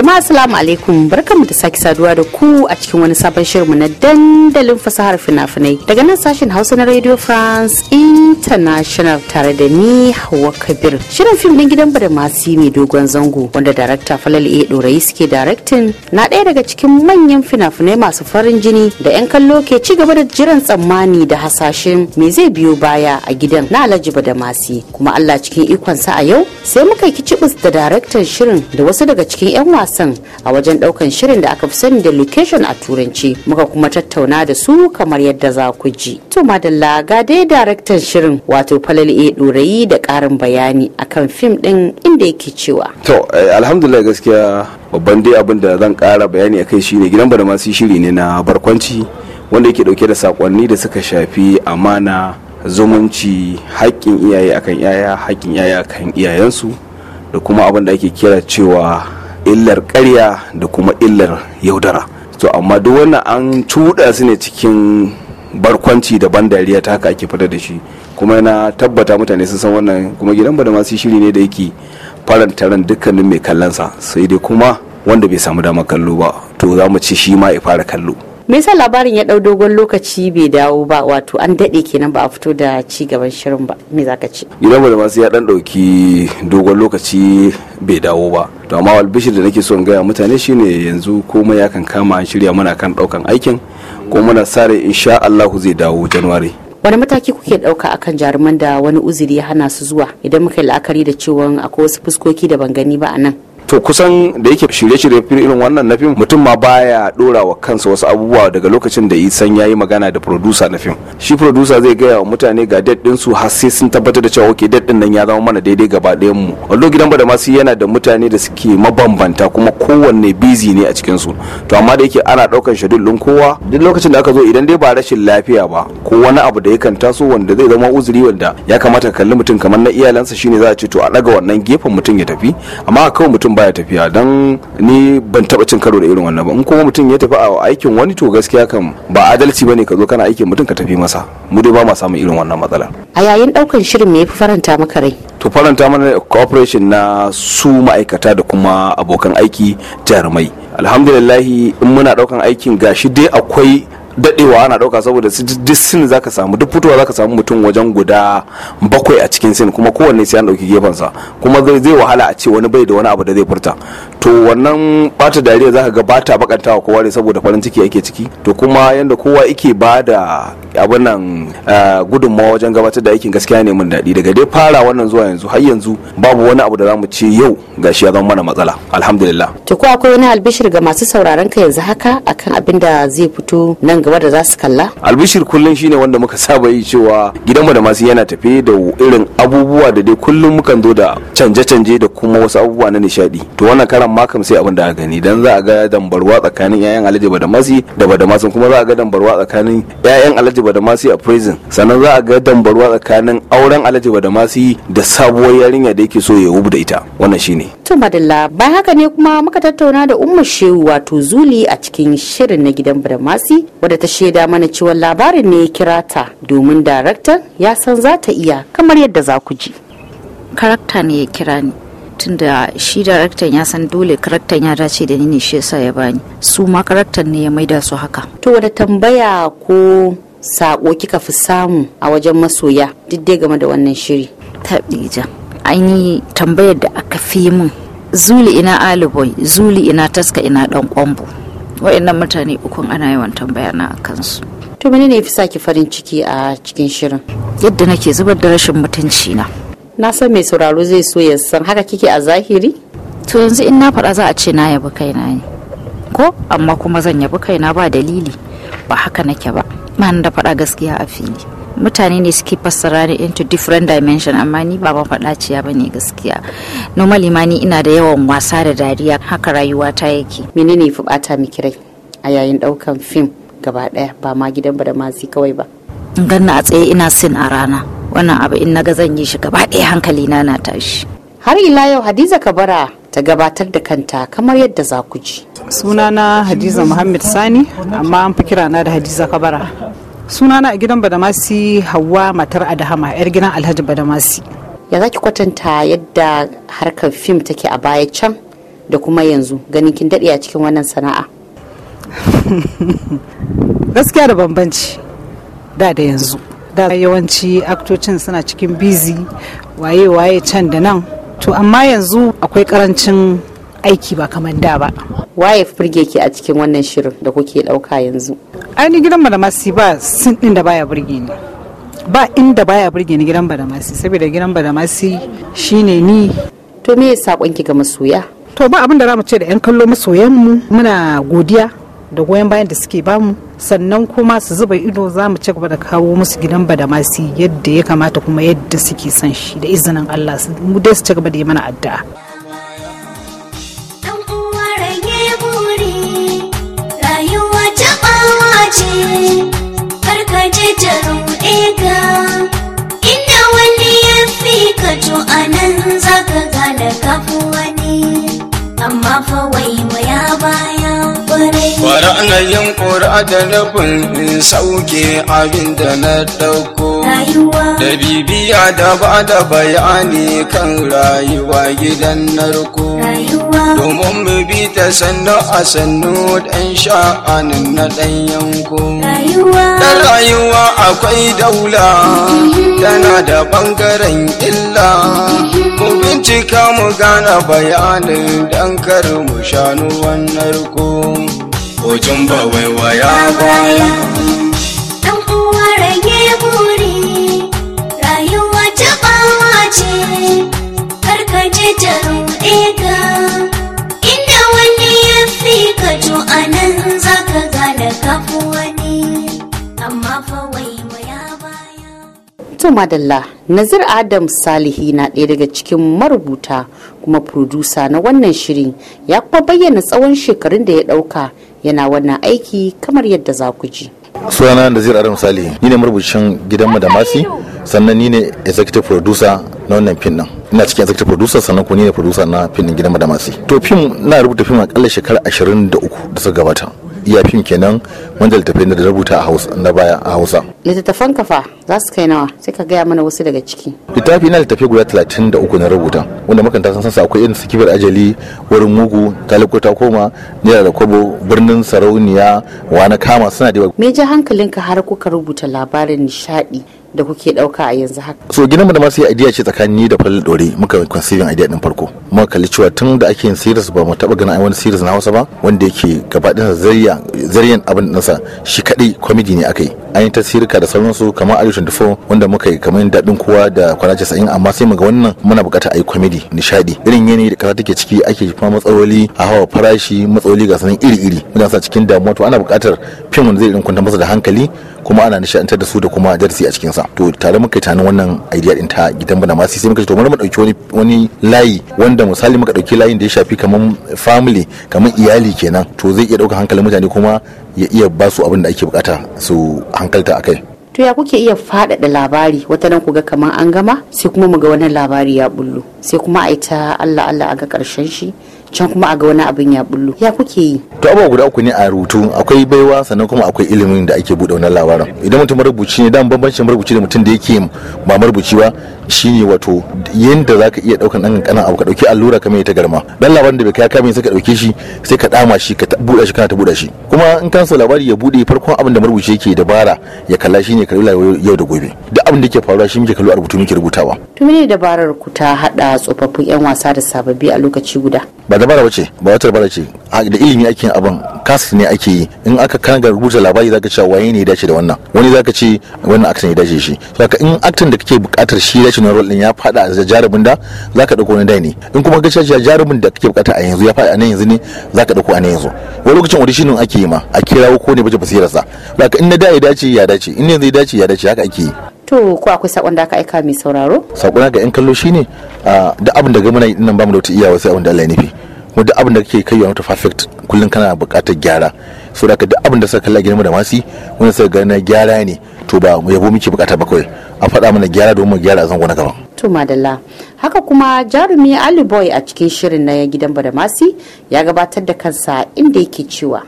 jama'a assalamu alaikum barkamu da sake saduwa da ku a cikin wani sabon shirinmu na dandalin fasahar fina-finai daga nan sashen hausa na radio france international tare da ni hawa kabir shirin fim din gidan bada masu mai dogon zango wanda darakta falal e dorayi suke daraktin na ɗaya daga cikin manyan fina-finai masu farin jini da 'yan kallo ke ci gaba da jiran tsammani da hasashen me zai biyo baya a gidan na alhaji bada masi. kuma allah cikin ikonsa a yau sai muka kicibus da daraktan shirin da wasu daga cikin 'yan wasa wasan a wajen daukan shirin da aka fi sani da location a turanci muka kuma tattauna da su kamar yadda za ku ji to madalla ga dai daraktan shirin wato falale dorayi da karin bayani akan fim din inda yake cewa to eh, alhamdulillah gaskiya babban dai abin da zan kara bayani akai shine gidan bada masu shiri ne na barkwanci wanda yake dauke da sakonni da suka shafi amana zumunci haƙƙin iyaye akan yaya haƙƙin iyaye akan iyayensu da kuma abin da ake kira cewa illar karya da kuma illar yaudara to amma duk wannan an cuɗa su ne cikin barkwanci da ban dariya ta haka ake fita da shi kuma yana tabbata mutane sun san wannan kuma gidan ba da masu shiri ne da yake faranta ran dukkanin mai kallonsa sai dai kuma wanda bai samu damar kallo ba to za mu ci shi ma ya fara kallo me yasa labarin ya ɗau dogon lokaci bai dawo ba wato an dade kenan ba a fito da ci gaban shirin ba me zaka ce gidan da masu ya dan ɗauki dogon lokaci bai dawo ba to amma albishir da nake so in gaya mutane shine yanzu komai ya kan kama an shirya muna kan daukan aikin ko muna sare insha Allahu zai dawo January wani mataki kuke dauka akan jaruman da wani uzuri ya hana su zuwa idan muka yi la'akari da cewa akwai wasu fuskoki da ban gani ba a nan to kusan da yake shirye-shirye irin wannan na fim mutum ma baya dora wa kansa wasu abubuwa daga lokacin da san yayi magana da producer na fim shi producer zai gaya wa mutane ga dad din su har sai sun tabbatar da cewa okay dad din nan ya zama mana daidai gaba ɗayan mu wallo gidan ba da masu yana da mutane da suke mabambanta kuma kowanne busy ne a cikin su to amma da yake ana daukan schedule din kowa duk lokacin da aka zo idan dai ba rashin lafiya ba ko wani abu da yakan taso wanda zai zama uzuri wanda ya kamata kalli mutum kamar na iyalansa shine za a ce to a daga wannan gefen mutum ya tafi amma kawai mutum mutum baya tafiya don ni ban taba cin karo da irin wannan ba in kuma mutum ya tafi a aikin wani to gaskiya kan ba adalci bane ka zo kana aikin mutum ka tafi masa mu dai ba ma samun irin wannan matsala a yayin daukan shirin me yafi faranta maka rai to faranta mana cooperation na su ma'aikata da kuma abokan aiki jarumai alhamdulillahi in muna daukan aikin gashi dai akwai dadewa ana dauka saboda duk sin za ka samu duk fitowa za ka samu mutum wajen guda bakwai a cikin sin kuma kowanne sai an dauki gefensa kuma zai wahala a ce wani bai da wani abu da zai furta to wannan bata dariya za ka ga bata bakantawa kowa ne saboda farin ciki yake ciki to kuma yanda kowa yake ba da abin nan ah, gudunmawa wajen gabatar da aikin gaskiya ne mun daɗi daga dai fara wannan zuwa yanzu har yanzu babu wani abu da za mu ce yau ga shi ya zama mana matsala alhamdulillah to ko akwai wani albishir ga masu sauraron ka yanzu haka akan abin da zai fito nan gaba da za su kalla albishir kullum shine wanda muka saba yi cewa gidanmu da masu yana tafe da irin abubuwa da dai kullum mukan zo da canje-canje da kuma wasu abubuwa na nishadi to wannan karan ma kam sai abin da gani dan za a ga dambarwa tsakanin 'ya'yan alaji da masi da masu kuma za a ga dambarwa tsakanin 'ya'yan alaji alhaji badamasi a prison sannan za a ga dambarwa tsakanin auren alhaji badamasi da sabuwar yarinya da yake so ya wubu da ita wannan shine to madalla bayan haka ne kuma muka tattauna da umma shehu wato zuli a cikin shirin na gidan badamasi wadda ta shaida mana cewa labarin ne ya kira ta domin daraktan ya san za ta iya kamar yadda za ku ji karakta ne ya kira ni tunda shi daraktan ya san dole karaktan ya dace da ni ne shi yasa ya bani su ma karaktan ne ya maida su haka to wadda tambaya ko sako kika fi samu a wajen masoya duk dai game da wannan shiri taɓija ainihi tambayar da aka fi min zuli ina aliboy zuli ina taska ina dan kwambo wa'annan mutane ukun ana yawan tambaya na kansu to mene ne fi saki farin ciki a cikin shirin yadda nake zubar da rashin mutunci na na san mai sauraro zai so ya san haka kike a zahiri to yanzu in na faɗa za a ce na yabi kaina ne ko amma kuma zan yabi kaina ba dalili ba haka nake ba man da faɗa gaskiya a fili mutane ne suke fassara ni into different dimension amma ni ba ciya ba ne gaskiya normally ma ina da yawan wasa da dariya haka rayuwa ta yake menene ya fi bata miki rai a yayin ɗaukan fim gaba ɗaya ba ma gidan ba da mazi kawai ba ganna a tsaye ina sin a rana wannan abu in na ga zan yi shi gaba ɗaya hankali na na tashi har ila yau hadiza kabara ta gabatar da kanta kamar yadda za ku ji sunana hadiza muhammad sani amma an fi kirana da hadiza kabara sunana a gidan badamasi hawa matar adahama yar gidan alhaji badamasi ya za ki kwatanta yadda harkar fim take a baya can da kuma yanzu ganin kin daɗe a cikin wannan sana'a gaskiya da bambanci da da yanzu da yawanci aktocin suna cikin bizi waye-waye can da nan to amma yanzu akwai karancin aiki ba kamar da ba waye burge ki a cikin wannan shirin da kuke dauka yanzu ni gidan badamasi ba sun din da baya burge ni ba inda baya burge ni gidan badamasi saboda gidan badamasi shine ni to me sakon ki ga masoya to ba abin da za mu ce da yan kallo masoyan mu muna godiya da goyon bayan da suke bamu sannan kuma su zuba ido za mu ci gaba da kawo musu gidan badamasi yadda ya kamata kuma yadda suke son shi da izinin Allah su dai su ci gaba da yi mana addu'a Inda wani ya fi ka to anan zaka gane kafu wani. amma fa wai mu ya baya ƙwarai. na yin ƙura da in sauke abin da na ɗauko. da bibiya da ba da bayani kan rayuwa gidan narko domin mu bi ta sannu a sannu ɗan sha'anin na ɗan yanku. da rayuwa akwai daula mm-hmm. tana da ɓangaren illa mm-hmm. mu bincika mu gana bayanin dan kar mu shanu wannan narko Ojin ba waiwaya baya ce karkace ta inda wani ya fi ka anan zaka gane kafu wani amma fa baya to madalla Nazir Adam Salihi na ɗaya daga cikin marubuta kuma furdusa na wannan shirin ya kuma bayyana tsawon shekarun da ya ɗauka yana wannan aiki kamar yadda za ku ji. Sunana Nazir Adam Salihi, ni ne marubucin gidan Madamasi. sannan ni ne executive producer na wannan fim din ina cikin executive producer sannan ko ni ne producer na fim din gidan madamasi to fim na rubuta fim a kalla shekara 23 da suka gabata iya fim kenan wanda na da rubuta a hausa na baya a hausa littattafan kafa za su kai nawa sai ka gaya mana wasu daga ciki littafi na littafi guda 33 na rubuta wanda makanta san sansa akwai irin su kifar ajali wurin mugu ta koma naira da kwabo birnin sarauniya wa na kama suna da me ja hankalinka har kuka rubuta labarin nishadi da kuke dauka a yanzu haka so gidan mu da masu idea ce tsakanin ni da falal dore muka conceiving idea din farko muka kalli cewa tun da ake yin series ba mu taba ganin ai wani series na Hausa ba wanda yake gabaɗin zariya zariyan abin nasa shi kadai comedy ne akai an yi tasirika da sauransu kamar Ayu 24 wanda muka yi kamar daɗin kowa da kwana 90 amma sai mu ga wannan muna buƙatar ai comedy nishadi irin yanayi da kasa take ciki ake kuma matsaloli a hawa farashi matsaloli ga sanin iri-iri muna sa cikin damuwa to ana buƙatar fim wanda zai irin masa da hankali kuma ana nishadantar da su da kuma darsi a cikin sa to tare muka tunanin wannan idea din ta gidan bana masu sai muka ce to dauki wani wani layi wanda misali muka dauki layin da ya shafi kaman family kaman iyali kenan to zai iya dauka hankalin mutane kuma ya iya ba su abin da ake bukata su hankalta akai to ya kuke iya faɗaɗa labari wata nan ku ga kamar an gama sai kuma mu ga wannan labari ya bullo sai kuma a ta Allah Allah a ga karshen shi can kuma a ga wani abin ya bullo ya kuke yi to abu guda uku ne a rubutu akwai baiwa sannan kuma akwai ilimin da ake bude wannan labarin idan mutum marubuci ne dan bambancin marubuci da mutum da yake ba marubuci ba shine wato yadda zaka iya daukan dan kanan abu ka dauki allura kamar ta garma dan labarin da bai kai kamin sai ka dauke shi sai ka dama shi ka buɗe shi kana ta buɗe shi kuma in kan so labari ya buɗe farkon abin da marubuci yake dabara ya kalla shine kalli yau da gobe duk abin da yake faruwa shi muke kallo a rubutu muke rubutawa to mene dabarar ku ta hada tsofaffin yan wasa da sababbi a lokaci guda dabara bace ba wata dabara ce da ilimi ake yin abin kasa ne ake yi in aka kan ga rubuta labari zaka cewa waye ne ya dace da wannan wani zaka ce wannan actin ya dace shi saka in actin da kake bukatar shi dace na role din ya fada a jarumin da zaka dauko wani dai ne in kuma gaci ya jarumin da kake bukata a yanzu ya fada a nan yanzu ne zaka dauko a nan yanzu wani lokacin audition ake yi ma a kirawo ko ne baje basirar sa saka in na da ya dace ya dace in yanzu ya dace ya dace haka ake yi to ko akwai sakon da aka aika mai sauraro sakon ga yan kallo shine da abin da ga muna yi mu bamu da wata iyawa sai abin da Allah ya nufi kuma duk abin da kake kai yawan perfect kullum kana buƙatar gyara so da duk abin da suka kalla gina da masi wanda suka gani gyara ne to ba mu yabo muke buƙata ba kawai a faɗa mana gyara domin gyara a zango na gaba to madalla haka kuma jarumi ali boy a cikin shirin na gidan badamasi ya gabatar da kansa inda yake cewa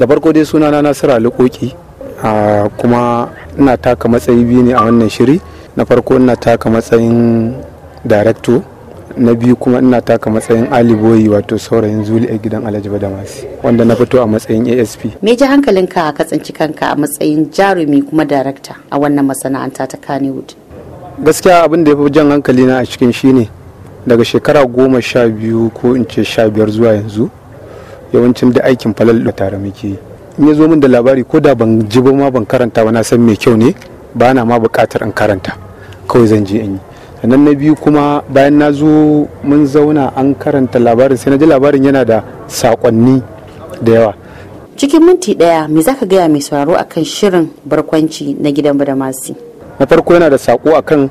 da farko dai sunana nasira lukoki kuma ina taka matsayi biyu ne a wannan shiri na farko ina taka matsayin director na biyu kuma ina taka matsayin aliboyi wato saurayin zuli a gidan alhaji badamasi wanda na fito a matsayin asp me ji hankalinka a tsinci kanka a matsayin jarumi kuma darakta a wannan masana'anta ta kanewood gaskiya abin da ya fi jan hankali na a cikin shine daga shekara goma sha biyu ko in ce sha biyar zuwa yanzu yawancin da aikin falal da tare muke yi in ya zo min da labari ko da ban ji ba ma ban karanta ba na san mai kyau ne ba na ma bukatar in karanta kawai zan je in yi sannan na biyu kuma bayan na zo mun zauna an karanta labarin sai na ji labarin yana da sakonni da yawa cikin minti daya me zaka gaya mai sauraro akan shirin barkwanci na gidan badamasi na farko yana da sako akan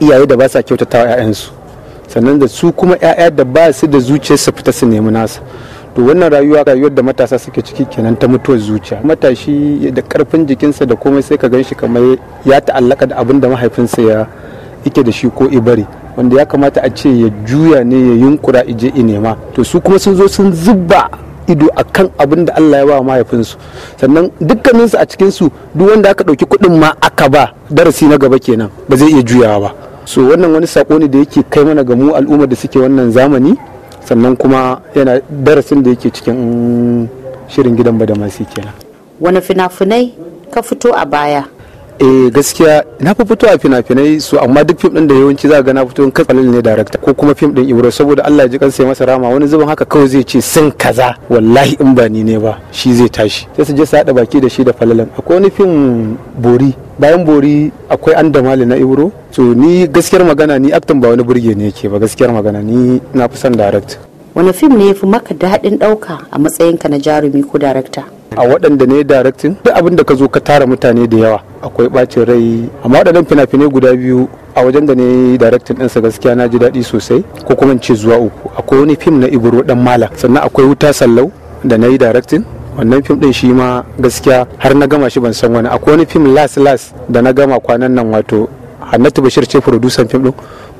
iyaye da ba sa kyautatawa 'ya'yansu sannan da su kuma 'ya'ya da ba su da zuciya su fita su nemi nasa to wannan rayuwa rayuwar da matasa suke ciki kenan ta mutuwar zuciya matashi da karfin jikinsa da komai sai ka gan shi kamar ya ta'allaka da abin da mahaifinsa ya yake da shi ko ibari wanda ya kamata a ce ya juya ne ya yunkura ije nema to su kuma sun zo sun zubba ido a kan abin da Allah ya ba mahaifinsu sannan dukkaninsu a cikinsu duk wanda aka ɗauki kuɗin ma aka ba darasi na gaba kenan ba zai iya juyawa ba so wannan wani sako ne da yake kai mana ga mu al'ummar da suke wannan zamani sannan kuma yana darasin da yake cikin shirin gidan ba da masu kenan wani fina-finai ka fito a baya eh gaskiya na fi fito a fina-finai su amma duk fim din da yawanci za ga na fito in katsalil ne darakta ko kuma fim din ibro saboda Allah ya ji kansa masa rama wani zubin haka kawai zai ce sun kaza wallahi in ba ni ne ba shi zai tashi sai su je su haɗa baki da shi da falalan akwai wani fim bori bayan bori akwai an Mali na ibro to ni gaskiyar magana ni aktan ba wani burge ne yake ba gaskiyar magana ni na fi son darakta wani fim ne ya fi maka daɗin ɗauka a matsayinka na jarumi ko darakta a waɗanda ne daraktin duk abin da ka zo ka tara mutane da yawa akwai bacin rai amma waɗannan fina-finai guda biyu a wajen da ne daraktin ɗinsa gaskiya na ji daɗi sosai ko kuma in ce zuwa uku akwai wani fim na ibro dan mala sannan akwai wuta sallau da na yi daraktin wannan fim din shi ma gaskiya har na gama shi ban san wani akwai wani fim las las da na gama kwanan nan wato hannatu bashir ce furodusan fim din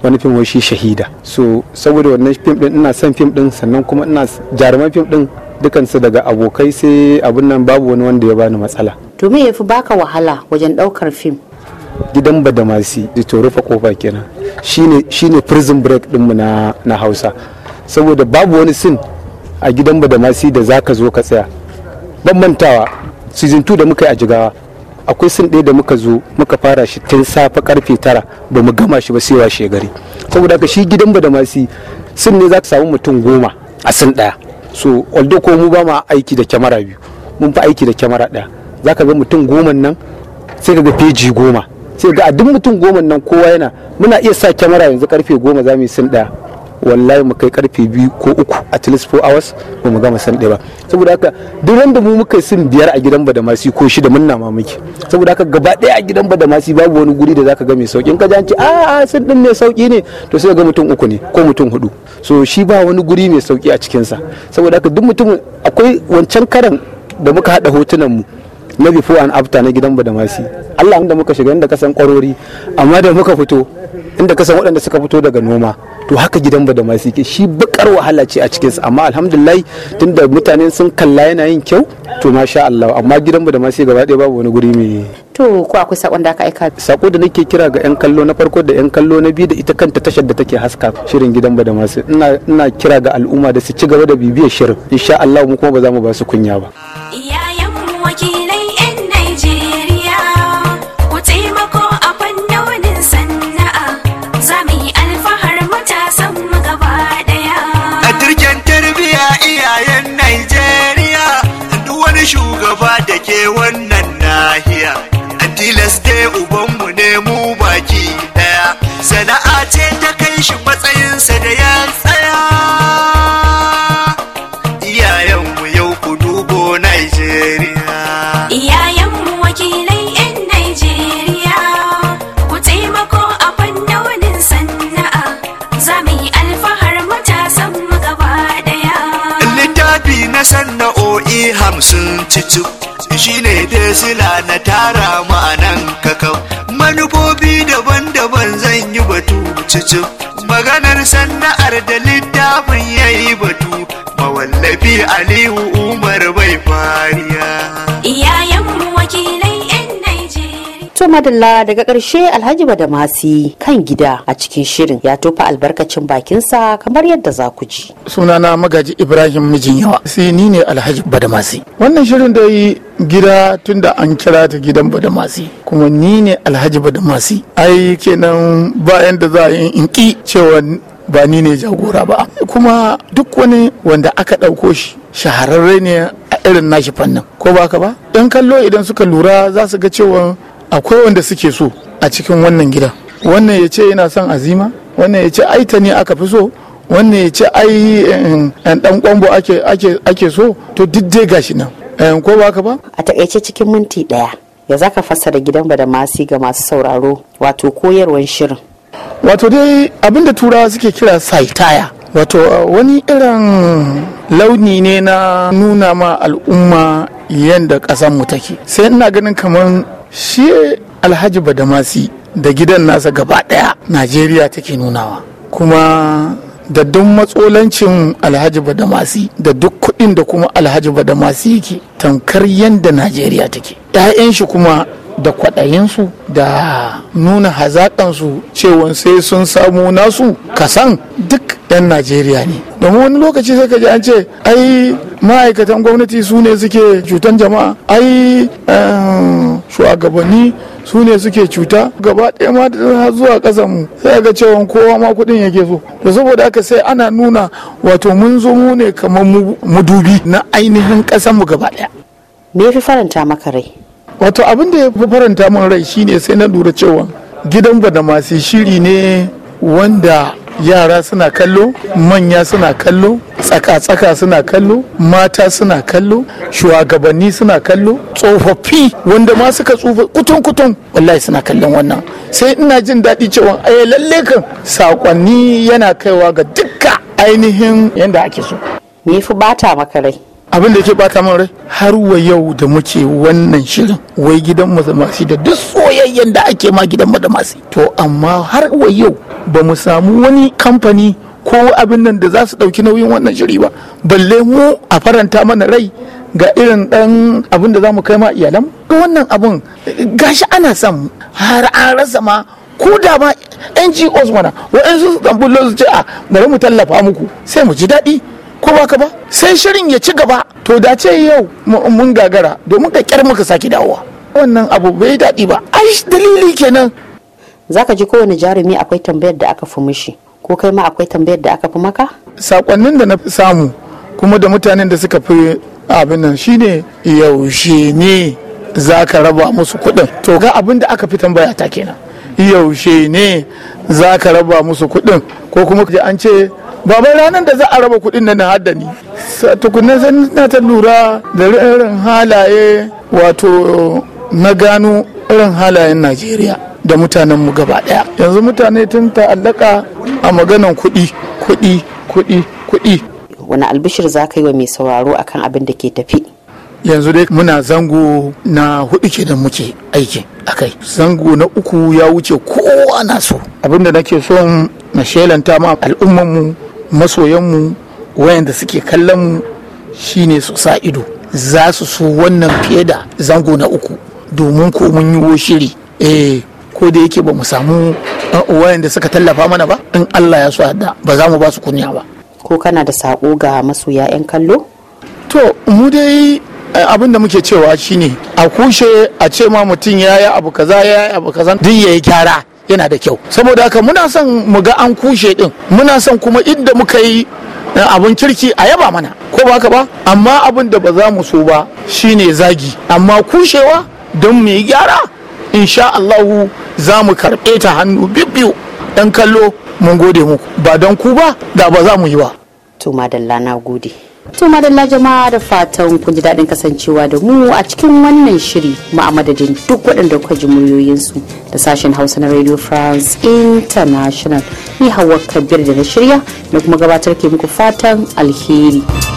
wani fim shi shahida so saboda wannan fim din ina son fim ɗin sannan kuma ina jaruman fim din dukansu daga abokai sai abin nan babu wani wanda ya bani matsala to ya fi baka wahala wajen daukar fim gidan badamasi da eh to rufe kofa kenan shine shine prison break dinmu na na Hausa saboda babu wani sin a gidan badamasi da zaka zo ka tsaya ban season 2 da muka yi a jigawa akwai sin ɗaya da muka zo muka fara shi tun safe karfe tara ba mu gama shi ba sai washe gari saboda haka shi gidan badamasi sin ne za ka samu mutum goma a sin ɗaya so although ko mu ba ma aiki da kyamara biyu mun fi aiki da kyamara ɗaya za ka ga mutum goma nan sai ka ga feji goma sai ga duk mutum goma nan kowa yana muna iya sa kyamara yanzu karfe goma za mu yi sin ɗaya wallahi mu kai karfe biyu ko uku at least four hours ba mu gama san ɗaya ba saboda haka duk wanda mu muka yi sun biyar a gidan badamasi ko shida mun na mamaki saboda haka gaba ɗaya a gidan badamasi babu wani guri da zaka ga mai sauki in ka ji a a sun din ne sauki ne to sai ga mutum uku ne ko mutum hudu so shi ba wani guri mai sauki a cikin sa saboda haka duk mutum akwai wancan karan da muka haɗa hotunan mu na before and after na gidan badamasi Allah inda muka shiga inda kasan kwarori amma da muka fito inda kasan waɗanda suka fito daga noma to haka gidan badamasi ke shi bakar wahala ce a cikin sa amma alhamdulillah tunda mutane sun kalla yana yin kyau to masha Allah amma gidan badamasi gaba ɗaya babu wani guri mai to ko akwai sakon da aka aika sako da nake kira ga yan kallo na farko da yan kallo na biyu da ita kanta tashar da take haska shirin gidan badamasi ina ina kira ga al'umma da su ci gaba da bibiyar shirin insha Allah mu kuma ba za mu ba su kunya ba iyayen mu wakili ba da ke wannan nahiya a tilaste ubanmu ne mu baki daya sana'a ce ta kai shi matsayinsa da ya tsaya hamsin shi shine da sila na tara ma'anan kakau manufofi daban-daban zan yi batu cicu maganar sana'ar da littafin ya yi batu mawallafi alihu umar bai fariya madalla daga ƙarshe alhaji badamasi kan gida a cikin shirin ya tofa albarkacin bakinsa kamar yadda za ku ji sunana magaji ibrahim mijin yawa sai ni ne alhaji badamasi wannan shirin da yi gida tunda an kira ta gidan badamasi kuma ni ne alhaji badamasi ai kenan bayan da za a yi in ki cewa ba ni ne jagora ba kuma duk wani wanda aka ɗauko shi shahararre ne a irin nashi fannin ko ba ka ba yan kallo idan suka lura za su ga cewa akwai wanda suke so a cikin wannan gidan wannan ya ce yana son azima wannan ya ce aita ne aka fi so wannan ya ce ai dan eh, eh, kwambo ake so to diddai gashi nan eh, ko ba ka ba a takaice cikin minti daya ya zaka fassara gidan ba da masu ga masu sauraro wato koyarwan shirin wato dai abinda turawa suke kira saitaya wato wani irin launi ne na nuna ma al'umma yadda ƙasar mu take sai ina ganin kamar shi alhaji badamasi da gidan nasa gaba daya najeriya take nunawa kuma da duk matsolancin alhaji badamasi da duk kuɗin da kuma alhaji badamasi yake tamkar yadda najeriya take 'ya'yan shi kuma da kwaɗayinsu da nuna hazaƙansu cewa sai sun samu nasu kasan duk 'yan najeriya ne domin wani lokaci sai ka ji an ce ai ma'aikatan gwamnati su ne suke cutan jama'a ai eh, shugabanni su ne suke cuta gaba ɗaya ma da zuwa ƙasan mu sai ga cewa kowa ma kuɗin yake so da saboda haka sai ana nuna wato mun zo mu ne kamar mu na ainihin ƙasan mu gaba ɗaya me ya fi faranta maka rai wato abin da ya fi faranta min rai shine sai na lura cewa gidan masu shiri ne wanda yara suna kallo manya suna kallo tsaka-tsaka suna kallo mata suna kallo shugabanni suna kallo tsofaffi wanda ma suka tsufa kutun-kutun wallahi suna kallon wannan sai ina jin daɗi cewa ai lalle kan sakonni yana kaiwa ga dukka ainihin yadda ake so ni fi bata maka rai abin da yake bata man rai har wa yau da muke wannan shirin wai gidan mu da masu da duk soyayyen da ake ma gidan mu da masu to amma har wa yau ba mu samu wani kamfani ko abin nan da za su ɗauki nauyin wannan shiri ba balle mu a faranta mana rai ga irin dan abin da za mu kai ma iyalan ga wannan abin gashi ana son har an rasa ma ko da ma ngos mana wa'yansu su tambullo su ce a ah, bari mu tallafa muku sai mu ji daɗi ko ba ka ba sai shirin ya ci gaba to da ce yau mun gagara domin ka kyar muka sake dawowa wannan abu bai daɗi ba ai dalili kenan zaka ji kowane jarumi akwai tambayar da aka fi mishi ko kai ma akwai tambayar da aka fi maka sakonnin da na fi samu kuma da mutanen da suka fi abin nan shine yaushe ne za ka raba musu kuɗin to ga abin da aka fi tambaya ta kenan yaushe ne za ka raba musu kuɗin ko kuma an ce baban ranar da za a raba kuɗin nan na haddani tukunan sai na ta lura da irin halaye wato na gano irin halayen najeriya da mutanenmu gaba ɗaya yanzu mutane tun ta'allaka a maganan kuɗi kuɗi kuɗi kuɗi wani albishir za ka yi wa mai sauraro akan abin da ke tafi yanzu dai muna zango na hudu ke da muke aiki a kai zango na uku ya wuce kowa na so abinda nake son na shelanta ma al'ummanmu masoyanmu wayanda suke kallon mu shine su sa ido za su so wannan fiye da zango na uku domin ko mun yi shiri eh ko da yake ba mu samu eh, wayanda suka tallafa mana ba in Allah ya so da ba za mu ba su kunya ba ko kana da sako ga masoya 'yan kallo to mu dai eh, abin da muke cewa shine a kushe a ce ma mutum ya yi abu kaza ya abu kaza duk ya gyara yana da kyau saboda haka muna son mu ga an kushe din muna son kuma inda muka yi eh, abun kirki a yaba mana ko ba ka ba amma abin da ba za mu so ba shine zagi amma kushewa don mu yi gyara insha Allahu za mu karɓe ta hannu bibbiyu dan kallo mun gode muku ba don ku ba da ba za mu yi ba to madalla na gode To madalla jama'a da fatan kun ji daɗin kasancewa da mu a cikin wannan shiri mu a madadin duk waɗanda kuka ji su da sashen Hausa na Radio France International. Ni Hauwa Kabir da na shirya na kuma gabatar ke muku fatan alheri.